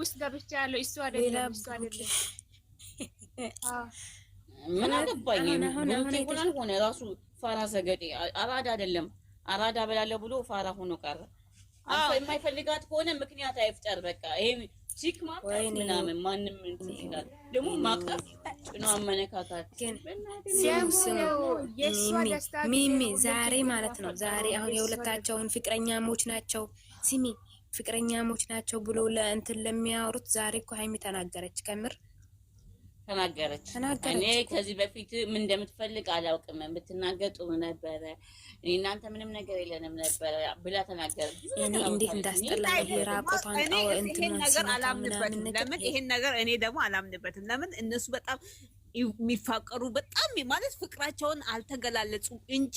ውስጥ ያለው እሱ አይደለም። ምን አገባኝ ሆነ ራሱ ፋራ ዘገዴ አራዳ አይደለም። አራዳ በላለው ብሎ ፋራ ሆኖ ቀረ። የማይፈልጋት ከሆነ ምክንያት አይፍጠር። በቃ ይሄ ቺክ ምናምን ማንም ሚሚ ዛሬ ማለት ነው ዛሬ አሁን የሁለታቸውን ፍቅረኛሞች ናቸው ሲሚ ፍቅረኛሞች ናቸው ብሎ ለእንትን ለሚያወሩት ዛሬ እኮ ሀይሚ ተናገረች። ከምር ተናገረች ተናገረች። እኔ ከዚህ በፊት ምን እንደምትፈልግ አላውቅም፣ የምትናገጡ ነበረ እናንተ ምንም ነገር የለንም ነበረ ብላ ተናገረች። እንዴት እንዳስጠላ ይሄ እንትን ነገር አላምንበትም። ለምን ይሄን ነገር እኔ ደግሞ አላምንበትም። ለምን እነሱ በጣም የሚፋቀሩ በጣም ማለት ፍቅራቸውን አልተገላለጹም እንጂ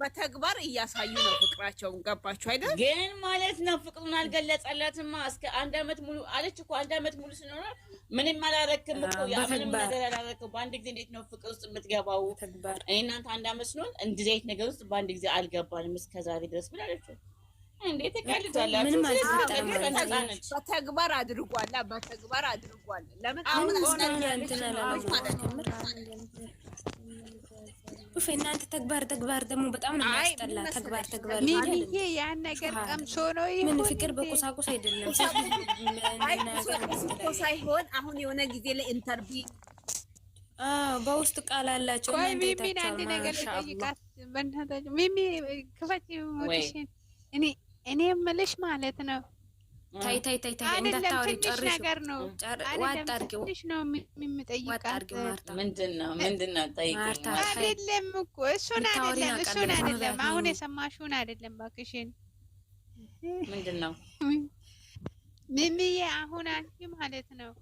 በተግባር እያሳዩ ነው ፍቅራቸውን። ገባችሁ አይደል? ግን ማለት ነው ፍቅሩን አልገለጸላትማ። እስከ አንድ አመት ሙሉ አለች እኮ አንድ አመት ሙሉ ስኖረ ምንም አላረክም እኮ ምንም ነገር አላረክም። በአንድ ጊዜ እንዴት ነው ፍቅር ውስጥ የምትገባው? እናንተ አንድ አመት ስንሆን እንደዚህ አይነት ነገር ውስጥ በአንድ ጊዜ አልገባንም እስከዛሬ ድረስ ብላለችው። እንዴት በተግባር አድርጓል። በተግባር አድርጓል። ለምን አሁን ማለት ነው እናንተ ተግባር ተግባር ደግሞ በጣም ነው የሚያስጠላ። ተግባር ተግባር ይሄ ያን ነገር ቀምሶ ነው ምን ፍቅር በቁሳቁስ አይደለም ሳይሆን አሁን የሆነ ጊዜ ላይ ኢንተርቪ በውስጥ ቃል አላቸው። ሚሚን አንድ ነገር ጠይቃት በእናታቸው ሚሚ ክፈት ሞሽን እኔ እኔ የምልሽ ማለት ነው ታይ ታይ ታይ ታይ እንዳታወሪ ጨርሽ ነገር ነው ዋጥ አድርጊው ነው የሚጠይቃት ማርታ ምንድን ነው ምንድን ነው ጠይቂኝ አይደለም እኮ እሱን አይደለም እሱን አይደለም አሁን የሰማሽውን አይደለም እባክሽን ምንድን ነው ምምዬ አሁን አንቺ ማለት ነው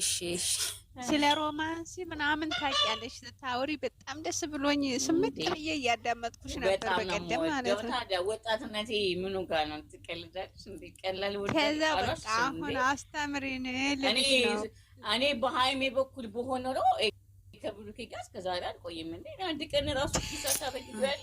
እሺ እሺ ስለ ሮማንስ ምናምን ታውቂያለሽ ታውሪ። በጣም ደስ ብሎኝ ስምንት ብዬ እያዳመጥኩሽ ነበር በቀደም ማለት ነው። ወጣትነቴ ምኑ ጋር ነው? ትቀልዳለሽ እንደ ቀላል ወደ ከዛ በቃ አሁን አስተምሪን ልልሽ ነው። እኔ በሀይሜ በኩል በሆነ ሮ ከብሩኬ ጋር እስከዛሬ አልቆይም እንዴ አንድ ቀን ራሱ ሳታ ያለሽ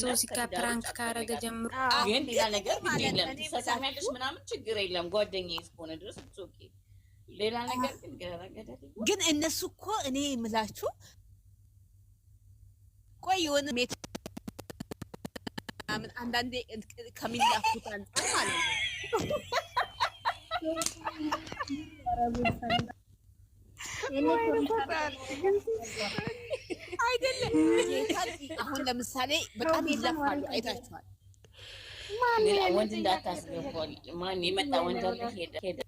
ሶሲካ ፕራንክ ካረገ ጀምሮ ግን ሌላ ነገር ግድ የለም። ትሰሳሚያለሽ ምናምን ችግር የለም። ጓደኛ እስከሆነ ድረስ ኦኬ። ሌላ ነገር ግን ገረገደ ግን እነሱ እኮ እኔ የምላችሁ ቆይ የሆነ ሜት ምናምን አንዳንዴ ከሚላኩት አንጻር ማለት ነው አይደለም። አሁን ለምሳሌ በጣም ይለፋሉ፣ አይታችኋል። ወንድ እንዳታስገባ ማን የመጣ ወንድ ሄደ።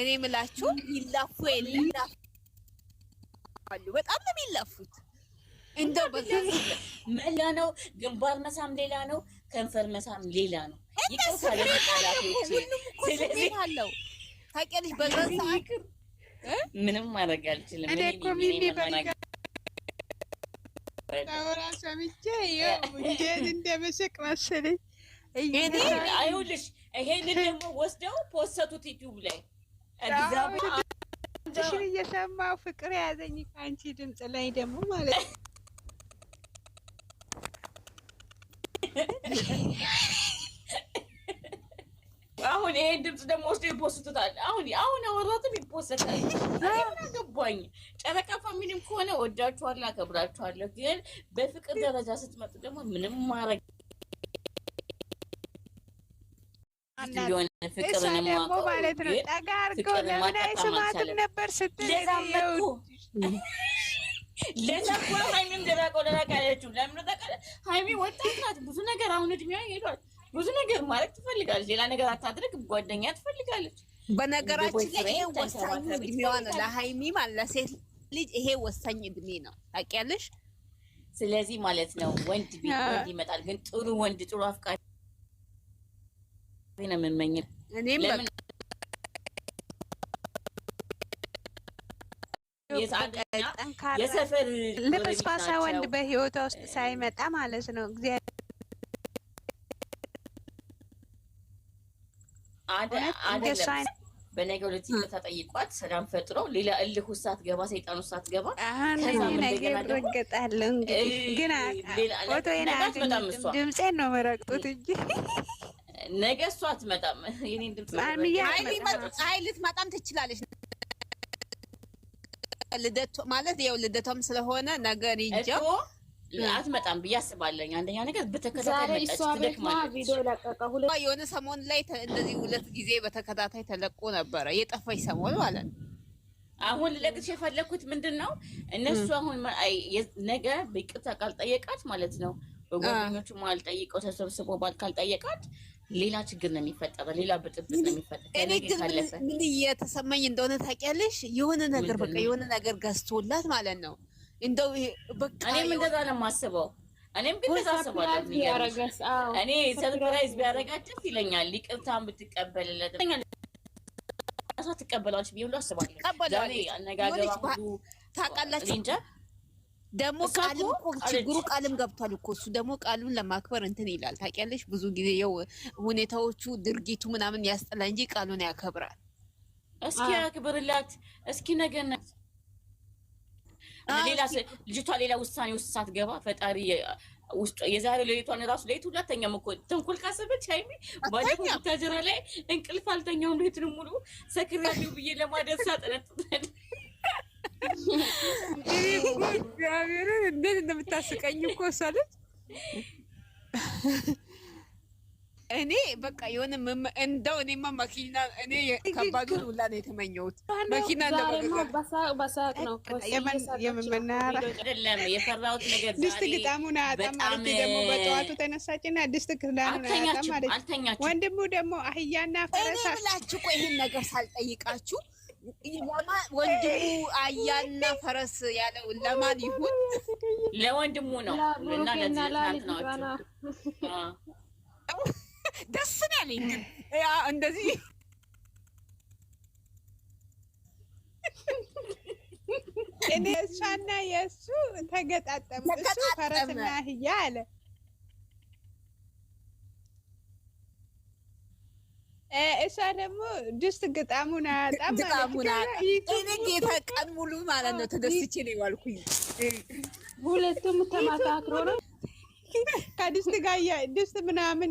እኔ ምላችሁ ይላፉ የለም በጣም ነው የሚላፉት። እንደው በዛ መላ ነው። ግንባር መሳም ሌላ ነው፣ ከንፈር መሳም ሌላ ነው። ይቅርታ ለመጣላት ስለዚህ ታውቂያለሽ በዛ ሰዓት ምንም ማድረግ አልችልም። እኔ እኮ ሚሚ በራ ሰምቼ እንዴት እንደምስቅ መሰለኝ። ይኸውልሽ ይሄንን ደግሞ ወስደው ፖሰቱት ላይ እየሰማሁ ፍቅር የያዘኝ ከአንቺ ድምፅ ላይ ደግሞ ማለት ነው አሁን ይሄ ድምፅ ደግሞ ወስዶ ይፖስቱታል። አሁን አሁን ይፖሰታል። ገባኝ። ጨረቃ ፋሚሊም ከሆነ ወዳችኋለሁ፣ አከብራችኋለሁ። ግን በፍቅር ደረጃ ስትመጡ ደግሞ ምንም ማድረግ ያለችው። ሀይሚ ወጣት ናት፣ ብዙ ነገር አሁን እድሜዋ ሄዷል። ብዙ ነገር ማለት ትፈልጋለች። ሌላ ነገር አታድርግ፣ ጓደኛ ትፈልጋለች። በነገራችን ላይ ይሄ ወሳኝ እድሜዋ ነው ለሀይሚ ማለት ለሴት ልጅ ይሄ ወሳኝ እድሜ ነው ታውቂያለሽ። ስለዚህ ማለት ነው ወንድ ቤት ወንድ ይመጣል፣ ግን ጥሩ ወንድ ጥሩ አፍቃሪ ነው የምመኘው እኔም የሰፈር ልብስ ለበስባሳ ወንድ በህይወቷ ውስጥ ሳይመጣ ማለት ነው እግዚአብሔር አይደለም። በነገ ሁለት ተጠይቋት ሰላም ፈጥሮ ሌላ እልህ ውስጥ ሳትገባ ሰይጣን ውስጥ ሳትገባ ድምፄን ነው መረቅጡት እንጂ ነገ እሷ አትመጣም። የኔን ድምፅ አይ ልትመጣም ትችላለች። ልደቱ ማለት ያው ልደቷም ስለሆነ ነገር ይጀው አትመጣም ብዬ አስባለኝ። አንደኛ ነገር በተከታታይ የሆነ ሰሞን ላይ እንደዚህ ሁለት ጊዜ በተከታታይ ተለቆ ነበረ የጠፋች ሰሞን ማለት ነው። አሁን ልለቅሽ የፈለኩት ምንድን ነው እነሱ አሁን ነገ በይቅርታ ካልጠየቃት ማለት ነው በጓደኞቹ አልጠይቀው ተሰብስቦ ባል ካልጠየቃት ሌላ ችግር ነው የሚፈጠረው፣ ሌላ ብጥብጥ ነው የሚፈጠረው። እኔ ምን እየተሰማኝ እንደሆነ ታውቂያለሽ? የሆነ ነገር በቃ የሆነ ነገር ገዝቶላት ማለት ነው እንደው እኔም እንደዛ ነው የማስበው። እኔም ግን አስባለሁ። እኔ ሰርፕራይዝ ይለኛል። ይቅርታን ብትቀበልለት ትቀበላለች ብዬ ሁሉ አስባለሁ። ዛሬ ታውቃላችሁ። እንጃ ደግሞ ቃልም ችግሩ ቃልም ገብቷል እኮ እሱ ደግሞ ቃሉን ለማክበር እንትን ይላል። ታውቂያለሽ፣ ብዙ ጊዜ ሁኔታዎቹ ድርጊቱ ምናምን ያስጠላ እንጂ ቃሉን ያከብራል። እስኪ እስኪ ሌላ ልጅቷ ሌላ ውሳኔ ውስጥ ሳትገባ ፈጣሪ የዛሬ ሌሊቷን ራሱ ሌሊት ሁላተኛም እኮ ተንኮል ካሰበች ሀይሚ ባለፈው ቡታጀራ ላይ እንቅልፍ አልተኛውም ሌትን ሙሉ ሰክሬያለሁ ብዬ ለማደር ጠነጥጠን እግዚአብሔርን እንዴት እንደምታስቀኝ እኮ እሷ እኔ በቃ የሆነ እንደው እኔማ መኪና እኔ ከባዱን ሁላ ነው የተመኘሁት። መኪና በሳቅ ነው የምናያራለም የፈራሁት ነገር ድስት ግጣሙን አያጣም ማለት ደግሞ በጠዋቱ ተነሳችና ድስት ክዳኑን አያጣም ማለት ወንድሙ ደግሞ አህያና ፈረሳ ብላችሁ ቆይ ይህን ነገር ሳልጠይቃችሁ ወንድሙ አያና ፈረስ ያለው ለማን ይሁን? ለወንድሙ ነው እና ለዚህ ናት ናቸው ደስ ነው ያለኝ። ግን እንደዚህ እኔ እሷና የእሱ ተገጣጠሙ። እሱ ፈረስና አህያ አለ እሷ ደግሞ ድስት ግጣሙን አያጣም ጌታ ቀን ሙሉ ማለት ነው ተደስቼ ነው የዋልኩኝ። ሁለቱም ተማካክሮ ነው ከድስት ጋር ድስት ምናምን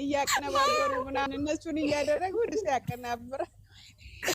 እያቀነባበሩ ምናምን እነሱን እያደረጉ ወደ ያቀናብራል።